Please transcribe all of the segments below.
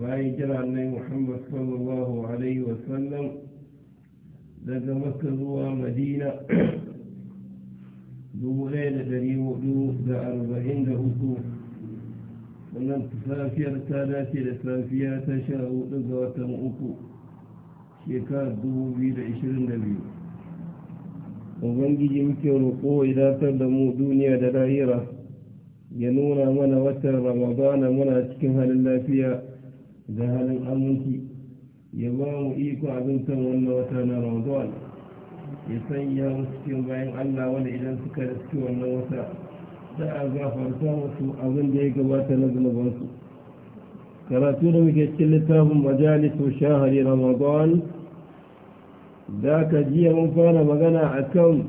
bayan kira annai muhammad sallallahu alaihi wasallam daga maka zuwa madina dubu ɗaya da ɗari hudu da arba'in da uku wannan safiyar ta dace da safiya ta sha hudu ga watan uku shekarar dubu biyu da ishirin da biyu ubangiji muke roƙo ya datar da mu duniya da rahira ya nuna mana watan ramadana muna cikin halin lafiya da halin aminci ya ba mu iko abin azumtar wannan wata na ramadan ya sanya musu cikin bayan allah wanda idan suka riski wannan wata za a gafarta musu abin da ya gabata na zunubansu karatu da muke cikin littafin majalisu shahari ramadan da ka jiya mun fara magana a kan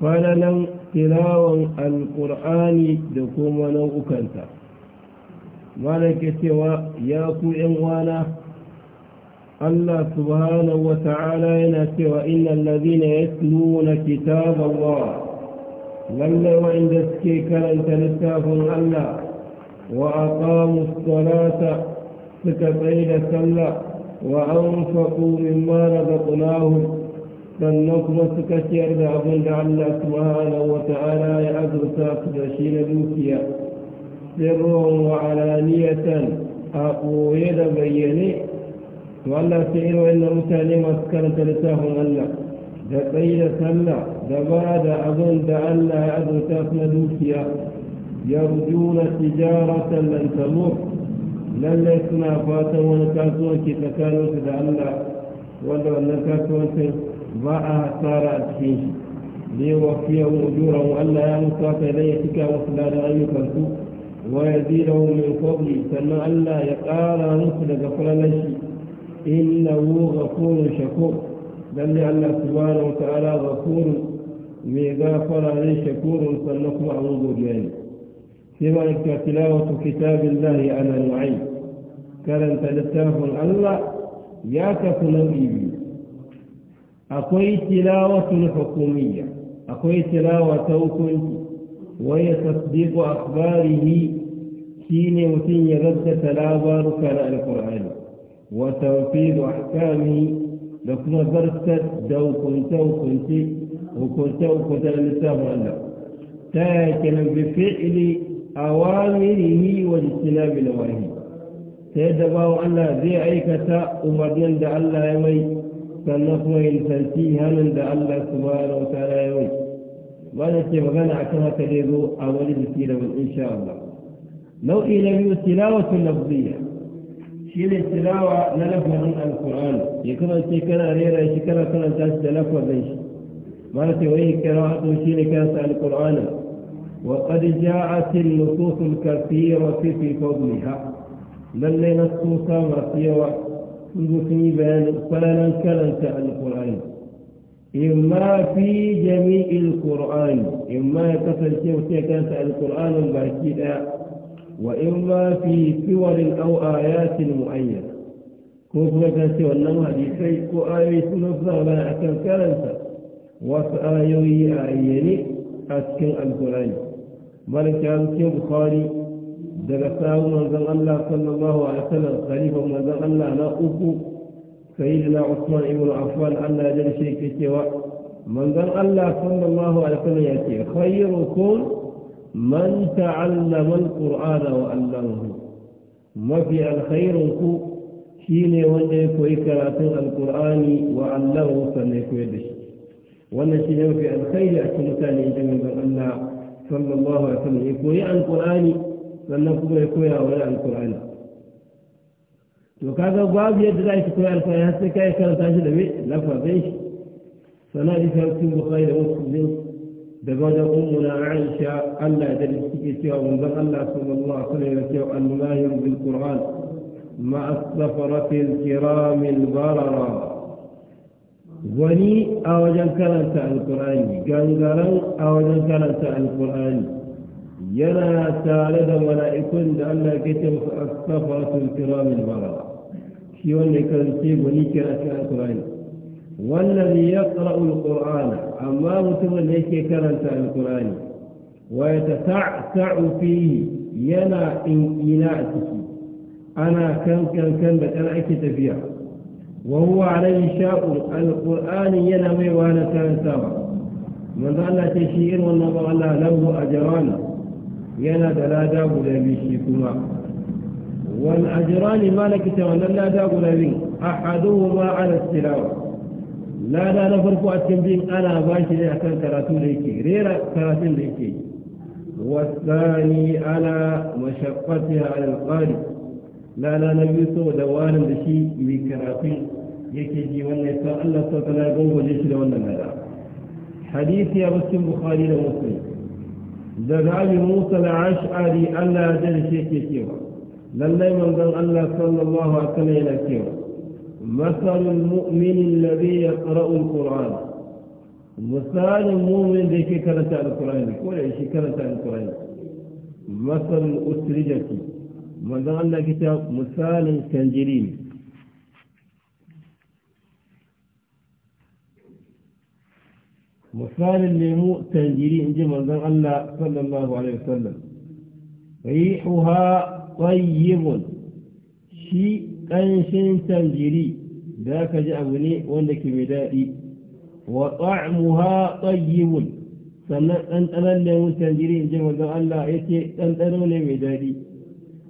falalan tilawan alkur'ani da kuma nau'ukanta malam cewa ya ku ‘yan wana Allah subhanahu wa ta'ala yana cewa innal ladhina ya nuna lalle wa inda suke karanta littafin Allah wa aqamu salata suka tsaye da sallah wa anfaqu mimma razaqnahum sannan kuma suka ciyar da abin da Allah subhanahu wa ta'ala ya azurta su da shi na dukiya سرا وعلانية أقويد بيني ولا سئل إلا أتاني مسكنة لتاهم ألا دقيل سلا دبعد أظن دعلا أدو تاسم دوسيا يرجون تجارة لن تموت لن يسمع فاتا ونكاسون كي تكانوا ولو أن نكاسون كي ضاع سارة ليوفيهم أجورهم ألا يا مصاف إليك وخلال أيك الكفر ويزيده من فضله كما ألا يقال رسل غفر له إنه غفور شكور بل لأن سبحانه وتعالى غفور مغافر عليه شكور سنقوى عوضه جاي سوى تلاوة كتاب الله على نعيم كان تلتاه الله يا بي أقوي تلاوة حكومية أقوي تلاوة توكنتي ويتصديق أخباره كيني وتين يغدى تلاوى ركان القرآن وتوفيد أحكامه لكن برسة دو كنت وكنت وكنت وكنت لنساه الله تاكنا بفعل أوامره والاجتناب واجتناب نواهي الله أن ذي عيكة أمرين دع الله يمي سنفوه إنسان سيهان دع الله سبحانه وتعالى يمي وانا كيف غنى عكما كذيبو اولي بسيرة ان شاء الله لو الى ميو تلاوة لفظية شيل التلاوة نلف من القرآن يكون تيكنا ريرا يشكرا كنا تاسد لفظ ليش ما تويه كراهة وشيل كاسع القرآن وقد جاءت النصوص الكثيرة في, في فضلها لن نصوصا مرسيوة تنبو في بيان فلا ننكر القرآن إما في جميع القرآن إما يتصل شيء وتكنس القرآن الباكيدا وإما في سور أو آيات مؤيدة كوكما كان سوى الله حديثي وآيوي سنفضى ولا أكل كالنسا وآيوي آييني أسكن القرآن كان أمسي بخاري دلساو منزل الله صلى الله عليه وسلم خليفة منزل الله لا سيدنا عثمان بن عفان الا جل في سوى من قال الا صلى الله عليه وسلم ياتي خيركم من تعلم القران وعلمه ما في الخيركم شين وجهك ويكرات القران وعلمه سنك يدش وانا شين في الخير اكل ثاني جميل من الله صلى الله عليه وسلم يقول عن القران لن يقول عن القران تو کاغه باب یت دای څه کول په هڅه کې کار تا چې لفظ دی سنا دې څو څو خیر او څو دی دغه د ام منا عائشه الله دې سکي چې او ان الله صلی الله علیه و سلم ان لا ير بالقران ما اصفرت الكرام البرر وني او جن كلام القران قال قالوا او جن كلام القران يرى سالد ولا يكون ان الله كتب اصفرت الكرام البرر في وان سيب وان يكرم أشياء القرآن والذي يقرأ القرآن أما متوى ليس يكرم سيب القرآن ويتسعسع فيه ينا إن إناء سيب أنا كم كم كم بأنا أكيد فيها وهو عليه شاء القرآن ينمي وانا كان سوا من ظل تشيئ والنظر الله له أجرانا ينا دلادا بلبي شيكما والأجران ما لك تولى لا داقل ذي أحدهما على السلاوة لا دا نفرق التنبيه أنا باشي لي أكثر كراتون ليك غير كراتون ليك والثاني على مشقتها على القارئ لا لا نبي سو دوانا بشيء بكراتين yake ji wannan ya Allah ta tana gongoje shi da wannan nada hadisi ya muslim bukhari da muslim da zabi musa لله من قال الله صلى الله عليه وسلم مثل المؤمن الذي يقرأ القرآن مثال المؤمن ذي كان تعالى القرآن كل شيء كان تعالى القرآن مثل الأسرجة من قال الله كتاب مثال الكنجرين مثال اللي الليمو تنجرين جمع قال الله صلى الله عليه وسلم ريحها طيب شي قنشن تنجري ذاك جابني ولك بدائي وطعمها طيب سنت انت لن تنجري جمع الله يتي انت لن بدائي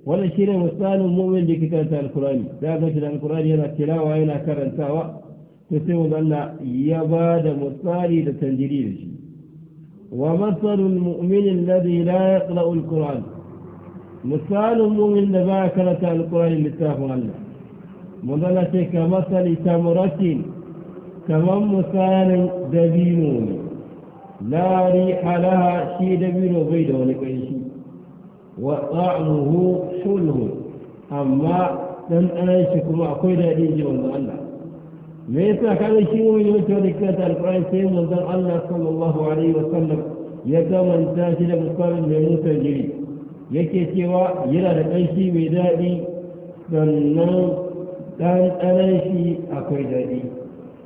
ولا شيء مثال مؤمن بكتابة القرآن ذاك جل القرآن يلا تلاوة يلا كرن تاوة تسمو ظن يباد مثال تنجري ومثل المؤمن الذي لا يقرأ القرآن مثال من دباء كانت القرآن مثاله الله مدلة كمثل تمرة كمن مثال دبيمون لا ريح لها شيء دبيل وبيد ولكن شيء وطعمه حلو أما لم أنا يشكم أقول هذه الله ليس هذا الشيء من وجه ذكرت القرآن الكريم الله صلى الله عليه وسلم يدعو من ساجد مقام الموت الجليل yake cewa yana da ƙanshi mai daɗi sannan ɗanɗanan shi akwai daɗi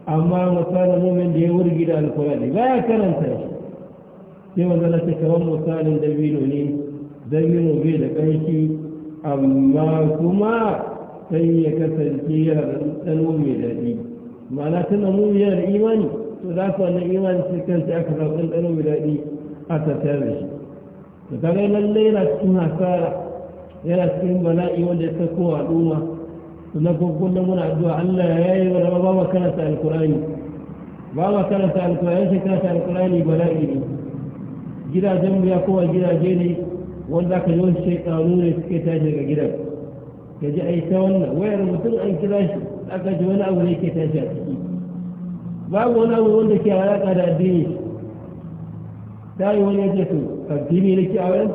amma misalin mumin da ya wurgi da alkurani ba ya karanta shi sai wanda na ce kamar misalin dabino ne dabino bai da ƙanshi amma kuma sai ya kasance yana da ɗanɗano mai daɗi ma'ana tana mumin yana da imani to za su wannan imani sai kanta aka zaɓi ɗanɗano mai daɗi a tattare da shi da kaga lalle yana cikin hasara yana cikin bala'i wanda ya sako al'umma sannan kuma kullum muna addu'a Allah ya yayi wa raba ba karanta alkurani ba ma alkurani alkurani shekara ta alkurani bala'i ne gidajen mu ya kowa gidaje ne wanda aka yi wasu shekaru ne suke tashi daga gidan ka ji a yi ta wannan wayar mutum an kira shi aka ji wani abu ne ke tashi a ciki babu wani abu wanda ke alaƙa da addini ta yi wani yake so fantini na kyawun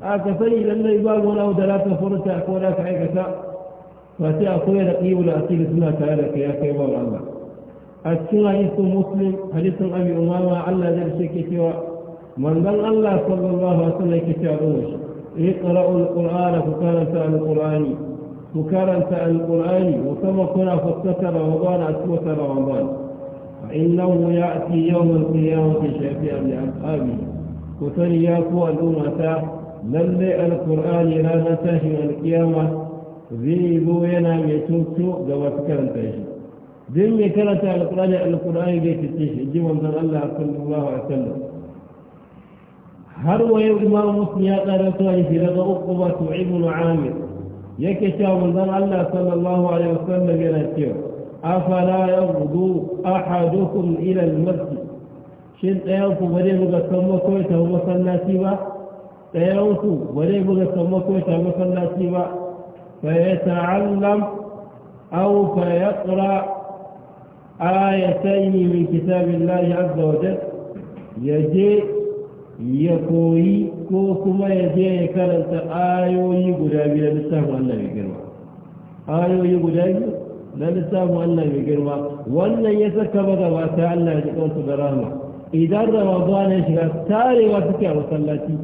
a ka sani lallai ba wani abu da za ka furta ko za ka aikata ba sai akwai da ƙiwu da asiri suna tare da ka ya kai ba Allah a cikin hadisin muslim hadisin abi umama Allah zai ce ke cewa manzon Allah sallallahu alaihi wasallam yake cewa ga shi iqra'ul qur'ana ku karanta al-qur'ani ku karanta al-qur'ani wa kama kuna fassara ramadan a cikin ramadan فإنه يأتي يوم القيامة شافئا لأصحابه ku sani ya ku al'ummata lallai alkur'ani ranar tashin alkiyama zai zo yana mai cuto ga masu karanta shi duk mai karanta alkur'ani alkur'ani zai fice shi ji manzon Allah sallallahu alaihi wasallam har wa yau imam muslim ya tsara su a shi daga uku ba su ibn amir yake cewa manzon Allah sallallahu alaihi wasallam yana cewa afala yaghdu ahadukum ila al-masjid shin ɗayan ku ba zai buga sammako ya tafi masallaci ba ɗayan ku ba zai buga sammako ya tafi masallaci ba fa ya ta'allam aw fa ya yaqra ayatayn min kitabillahi azza wa jalla yaje ya koyi ko kuma ya je ya karanta ayoyi guda biyu na littafin Allah mai girma ayoyi guda biyu na littafin Allah mai girma wannan ya saka magabata Allah ya ji kansu da rahama إذا رمضان يشغل تاري وفكاء وصلاتي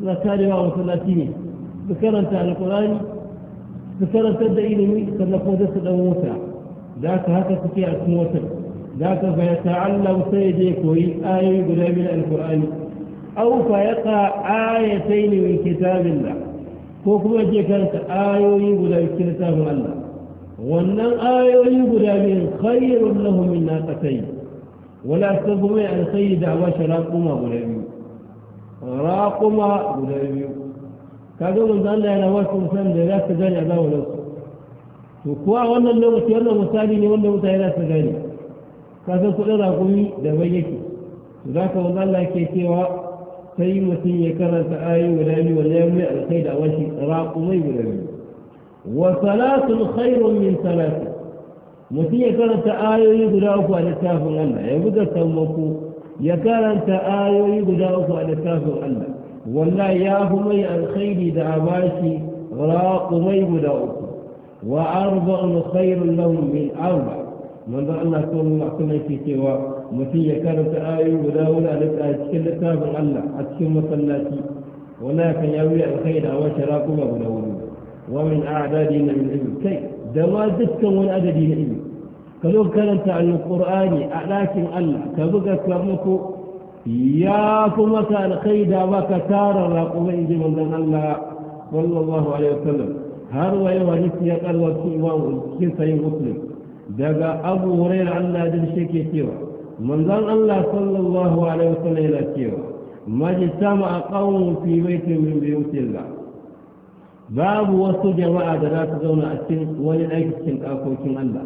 لا تاري وصلاتي ذكرت على القرآن ذكرت الدعيني مي سنقوم جسد الموتى ذاك هكا فكاء الموتى ذاك فيتعلم سيديك وهي آية يقول القرآن أو فيقع آيتين من كتاب الله فكما جكرت آية يقول من كتاب الله وأن الآية يقول خير له من ناقتين wala ta kuma ya alkhairi da ba shi raƙuma guda biyu raƙuma guda biyu ka ga manzo yana wasu musan da za ka a zawo nasu to kuwa wannan misali ne wanda mutane za su gane ka san kuɗin raƙumi da bai yake to za ka manzo Allah ke cewa sai mutum ya karanta ayoyi guda biyu wanda ya mai alkhairi da wasu raƙumai guda biyu wa salatun khairun min mutum ya karanta ayoyi guda uku a littafin Allah ya buga sammako ya karanta ayoyi guda uku a littafin Allah wallahi ya fi mai alkhairi da abashi raƙumai guda uku wa arba arba'un khairu lahum min arba manzo Allah sallallahu alaihi wasallam cewa mutum ya karanta ayoyi guda uku a cikin littafin Allah a cikin masallaci wallahi kan ya wuya alkhairi a wasu raƙuma guda uku wa min a'dadi min ilmi kai da ma dukkan wani adadi na ilmi كلوب كانت عن القرآن لكن تبقى كمكو يا كمك الخيدة وكتار الرقم إذن من الله صلى الله عليه وسلم هر ويوى نسية قلوة سيوان كنسى مسلم دقى أبو هرير عن نادل شكي سيوى من ذن الله صلى الله عليه وسلم إلى سيوى ما جسام أقوم في بيت من بيوت الله باب وصو جماعة دراس دون أسن ولن أكسن أقوكم الله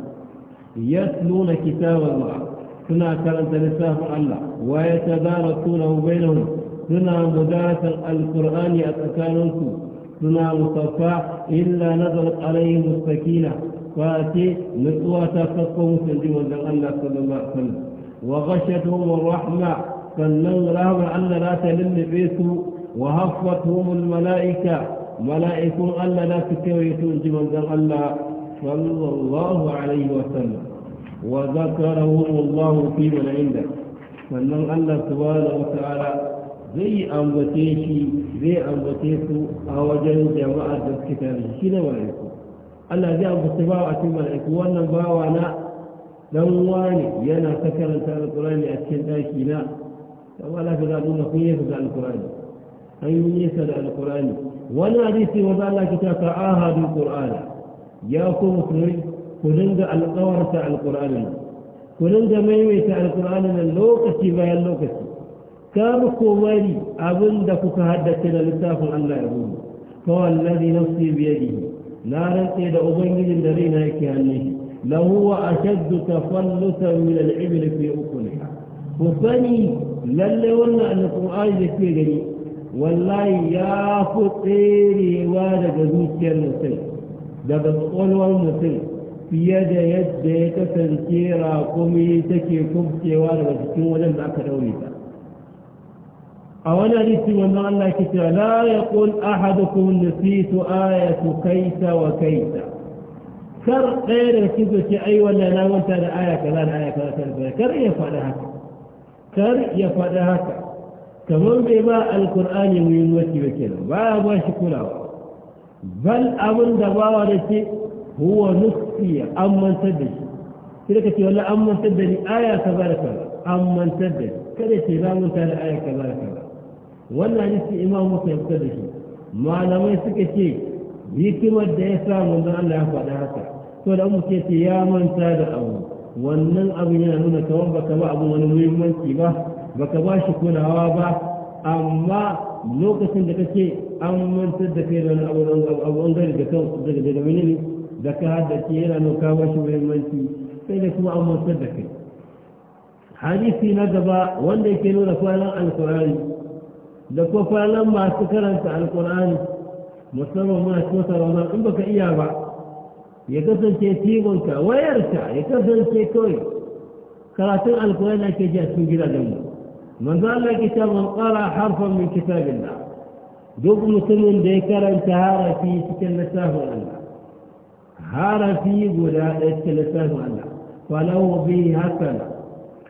يتلون كتاب الله سنا كلام لساف الله ويتداركونه بينهم سنا مدارس القرآن أتكانونكم سنا مصفى إلا نظرت عليهم السكينة فاتي نسوة تفقهم سنجي وزن الله صلى الله عليه وسلم وغشتهم الرحمة فلن رام أن لا تلل بيسو وهفتهم الملائكة ملائكة أن لا تكويتون جمال الله صلى الله عليه وسلم وذكره الله في من عنده فان الله سبحانه وتعالى زي امبتيشي زي امبتيسو اوجه جماعه الكتاب كده وعليكم الله زي امبتيبا واتم الملائكه وانا باوانا لو واني ينا سكر انت القران اكل داكينا ولا في ذا دون قيس ذا القران اي من يسال القران ولا ريسي وذا الله كتاب تعاهد القران ya ku musulmi ku dinga alƙawarta alƙur'anin ku dinga maimaita alƙur'anin lokaci bayan lokaci kar ko bari abin da kuka haddace da littafin Allah ya rubu fa wallazi nafsi bi yadihi na rantse da ubangijin da raina yake hannu shi lahu wa ashaddu tafallutan min al-ibil fi uqulha ku sani lalle wannan alƙur'ani da ke gani wallahi ya fi tserewa daga zuciyar mutum daga kwakwalwar mutum fiye da yadda ya kasance rakumi take kubcewa daga cikin wajen da aka daure ta a wani hadisi wannan Allah ke cewa la yaqul ahadukum nasitu ayatu kaita wa kaita kar ɗaya da cikin zuci ai wannan na manta da aya kaza da aya kaza kaza kar ya faɗi haka kar ya faɗi haka kamar bai ba alkur'ani muhimmanci ba kenan ba ya ba shi kulawa bal abin da ba da ce huwa nufi an mantar da shi sai da kace wallahi an mantar da ni aya kaza da kaza an mantar da shi kada ce na manta da aya kaza da kaza wannan hadisi imam musa ya da shi malamai suka ce hikimar da ya samu manzon Allah ya faɗa haka to da mu ce ya manta da abu wannan abu yana nuna kamar ka ba abu wani muhimmanci ba baka ba shi kulawa ba amma lokacin da kake an mantar da kai don wani abu an gari da kan daga daga menene da ka haddace yana nuka mashi muhimmanci sai da kuma an mantar da kai hadisi na gaba wanda yake nuna kwanan alkurani da kuma kwanan masu karanta alkurani musamman muna cikin ramadan in baka iya ba ya kasance tibonka wayarka ya kasance kawai karatun alkurani ake ji a cikin gidajenmu manzo Allah ya ce qara harfan min kitabillah دوب مسلم ديكار انتهار في تكلساه الله هار في غدا تكلساه الله فلو به حسن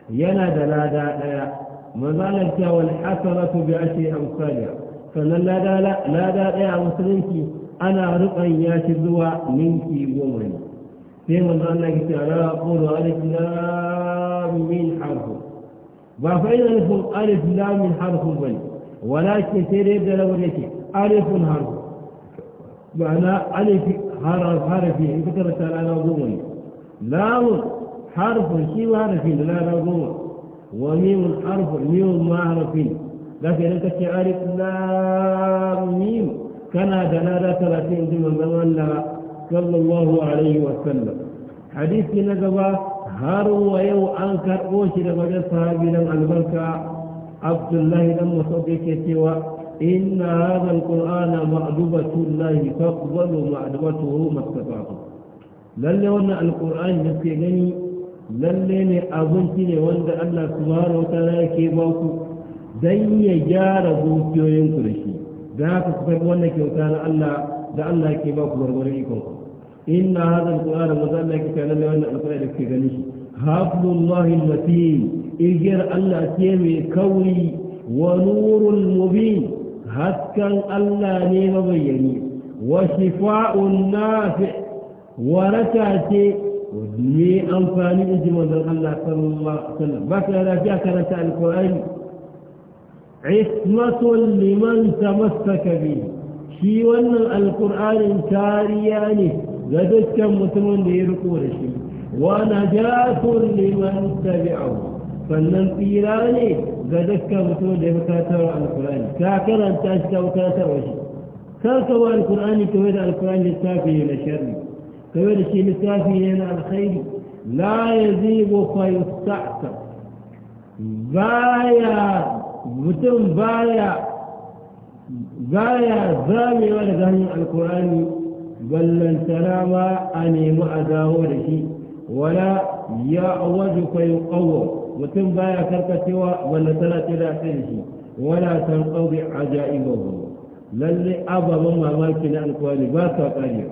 ينا دلا دا مظالك والحسنة بعشر أمثالها فلا لا دا لا دا دا مسلم كي أنا رقيا تزوى منك ومن في مظالك تعالى أقول ألف لا من حرف وفإن ألف لا من حرف بني ولكن سيريب دلو نكي ألف هرب معنى ألف هرب هرفي فكرة لا نظوم لا حرف شيء هرف لا نظوم وميم حرف ميم ما هرف لكن أنت ألف لا ميم كان دلالة ثلاثين ضمن زمان صلى الله عليه وسلم حديث نجبة هارو ويو أنكر أوشي لبجل صحابي لم بركة عبد الله لم يصدق سوى إن هذا القرآن معذبة الله فاقبل معذبته ما استطعته للي القرآن يسيغني للي أظنتني وانا الله سبحانه وتعالى كيباوكو زي جار بوكيو ينكرشي ذاك سبحانه وانا كيوتانا الله ذا الله كيباوكو برغوريكو إن هذا القرآن مزال لك كان للي وانا القرآن يسيغني هفل الله المتين إجر الله كيمي كوري ونور مبين هتكن الله نيم بيني وشفاء نافع ورتاتي ودمي أنفاني إجمع ذلك الله صلى الله عليه وسلم بكرة جاكة رتاء القرآن عثمة لمن تمسك به شي ون القرآن كارياني قدت كم متمن ليركور الشيء ونجاة لمن تبعه فنن إيراني غدك بتو على القرآن كاكرا أنت أشكا وكاتر وشي كاكوا القرآن كويد القرآن يستافي من الشر كويد الشيء يستافي هنا الخير لا يزيغ فيستعصى بايا بتم بايا بايا زامي ولا زامي القرآن بل سلاما أني معذاور ولا ولا يعوذ فيقوم mutum baya karkacewa wanda tana ce da sai shi wala san qawbi ajaibuhu lalle ababun mamaki na alqur'ani ba sa kare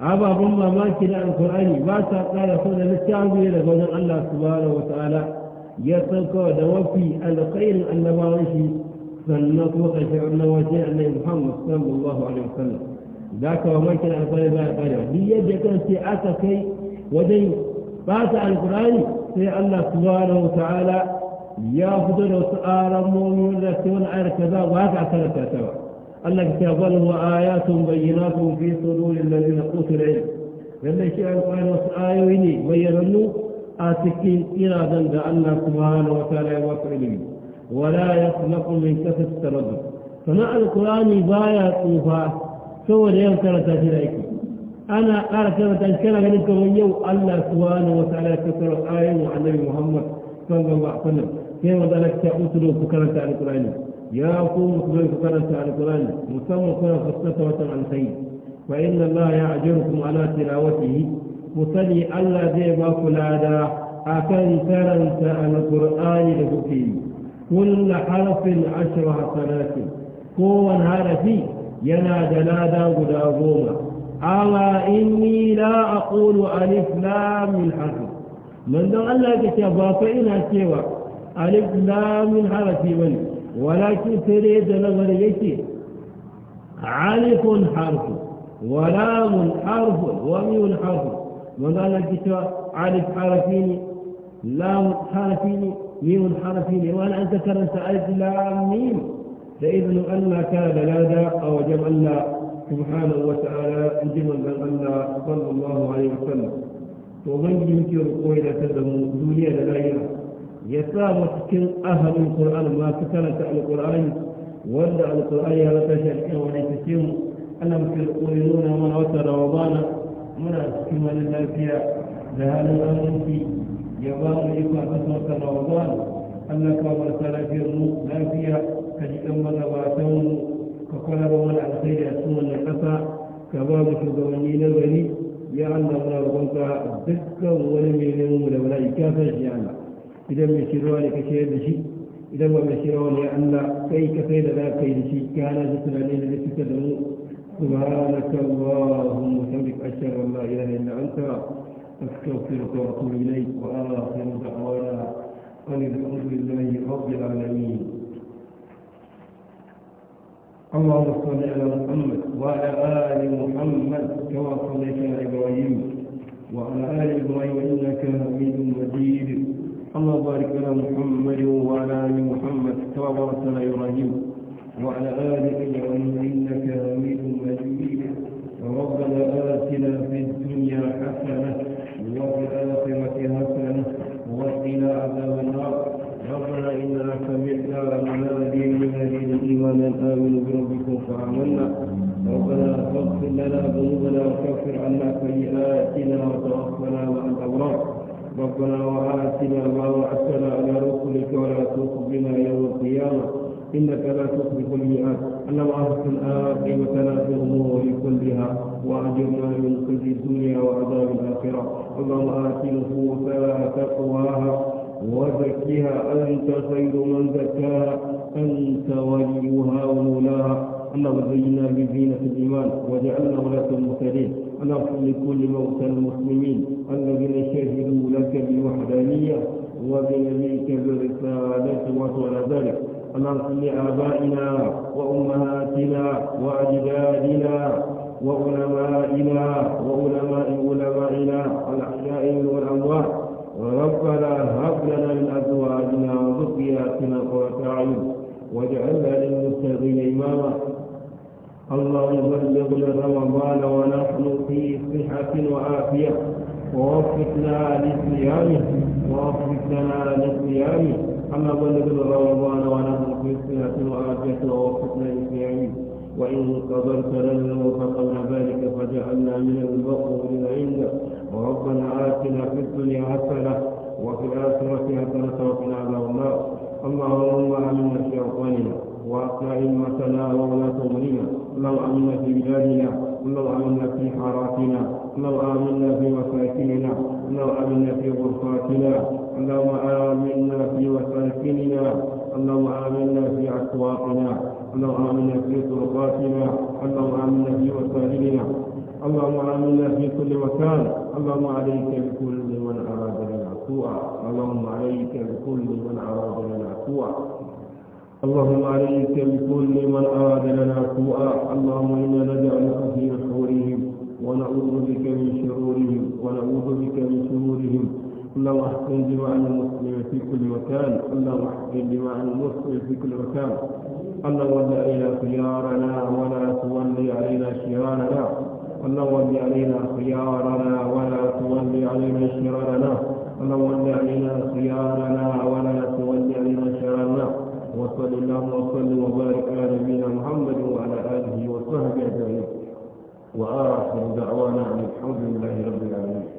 ababun mamaki na alqur'ani ba sa kare karewa saboda littafi da wajen Allah subhanahu wa ta'ala ya san ko da wafi alqayl annabawi shi sannan kuma ƙarshen wa ji annabi Muhammad sallallahu alaihi wasallam da ka mamaki na alqur'ani ba ya karewa duk yadda kan ce aka kai wajen ba ta alqur'ani sai Allah subhanahu wa ta'ala ya fito da wasu alamomi wanda sai wani ayar kaza ba haka aka rasa ta ba Allah ya ce bal wa ayatun bayyinatun fi suduril ladina utul ilm lallai shi alƙwari wasu ayoyi ne bayyanannu a cikin iradan da Allah subhanahu wa ta'ala ya wasu ilimi wala ya khalaqa min kasat taraddud sana alqurani baya tsufa saboda yan karanta shi da yake أنا قال سبب أذكر أنك ويو الله سبحانه وتعالى تكر آية عن النبي محمد صلى الله عليه وسلم كيف ذلك تأوتلو فكرة عن القرآن يا قوم مصدر فكرة عن القرآن مصور كنا فستة عن خير فإن الله يعجركم على تلاوته مصلي ألا ذي ما فلادا أكن كرنت عن القرآن لكفيه كل حرف عشر حسنات كون هذا فيه ينادى نادى قد أبوما أما إني لا أقول ألف لام من حرف من دون الله كتابا فإن سوى ألف لام من حرف من ولكن تريد نظر يشي ألف حرف ولام حرف ومي حرف من دون الله كتابا ألف حرفيني لام حرفيني ميم حرفيني وأنا أنت كرنت ألف لام ميم فإذن أن كان لا أو جمع الله لا سبحانه وتعالى قال أن صلى الله عليه وسلم ومن ينكر قويلة تدم دنيا لغيره يسامى كل أهل القرآن ما عن القرآن ولا القرآن يا تشرع ونتسم أن مثل قولون من وتر رمضان من أسكم لله فيها لهذا الأمر في يبان إقامة وتر رمضان أنك مرسل في الروح لا فيها كجدما فقال رومان عبدالله ثم نقص كباب في الظوانين الغني يعلم الله رغمك دكا ولم يلموا لولا إكافة جعلا إذا ما يشيروا عليك شيء بشيء إذا ما يشيروا لي أن كي كفيد ذا كي بشيء كان جسر علينا لسك دمو سبحانك اللهم وحمدك أشهر الله إله إلا أنت أستغفرك وأتوب إليك وآخر دعوانا أن الحمد لله رب العالمين اللهم صل على محمد وعلى آل محمد كما صليت على إبراهيم وعلى آل إبراهيم إنك حميد مجيد اللهم بارك على محمد وعلى آل محمد كما باركت على إبراهيم وعلى آل إبراهيم إنك حميد مجيد ربنا آتنا في الدنيا حسنة وفي الآخرة حسنة وقنا عذاب إنا سمعنا مناديا ينادي أن آمنوا بربكم فآمنا ربنا فاغفر لنا ذنوبنا وكفر عنا سيئاتنا وتوفنا مع الأبرار ربنا وآتنا ما وعدتنا على رسلك ولا تخزنا يوم القيامة إنك لا تخلف الميعاد اللهم أحسن عاقبتنا في الأمور كلها وأجرنا من كل الدنيا وعذاب الآخرة اللهم آت نفوسنا تقواها وزكيها أنت خير من زكاها أنت وليها ومولاها اللهم زينا بزينة الإيمان وجعلنا ولاة المهتدين اللهم لكل موتى المسلمين الذين شهدوا لك بالوحدانية وبنبيك برسالة وعلى ذلك اللهم لآبائنا وأمهاتنا وأجدادنا وعلمائنا وعلماء علمائنا الأحياء والأموات ربنا هب لنا من أزواجنا وذرياتنا قرة أعين واجعلنا للمتقين إماما اللهم بلغنا رمضان ونحن في صحة وعافية ووفقنا لصيامه ووفقنا لصيامه أما بلغنا رمضان ونحن في صحة وعافية ووفقنا لصيامه وإن قدرت لنا وفقنا ذلك فجعلنا من المقبولين عندك وربنا آتنا في الدنيا حسنة وفي الآخرة حسنة وقنا عذاب النار اللهم آمنا في أوطاننا وأقنا أئمتنا وولاة أمرنا اللهم آمنا في بلادنا اللهم آمنا في حاراتنا اللهم آمنا في مساكننا اللهم آمنا في غرفاتنا اللهم آمنا في مساكننا اللهم آمنا في أسواقنا اللهم آمنا في طرقاتنا اللهم آمنا في وسائلنا اللهم آمنا في كل مكان اللهم عليك بكل من أراد لنا سوءا اللهم عليك بكل من أراد لنا سوءا اللهم عليك بكل من أراد لنا سوءا اللهم إنا نجعلك في نحورهم ونعوذ بك من شرورهم ونعوذ بك من شرورهم اللهم احسن دماء المسلم في كل مكان اللهم احسن دماء المسلم في كل مكان اللهم ولا إلى خيارنا ولا تولي علينا شرارنا اللهم ول علينا خيارنا ولا تول علينا شرارنا اللهم علينا خيارنا ولا تولي علينا شرارنا وصل اللهم وسلم وبارك على نبينا محمد وعلى اله وصحبه اجمعين واخر دعوانا ان الحمد لله رب العالمين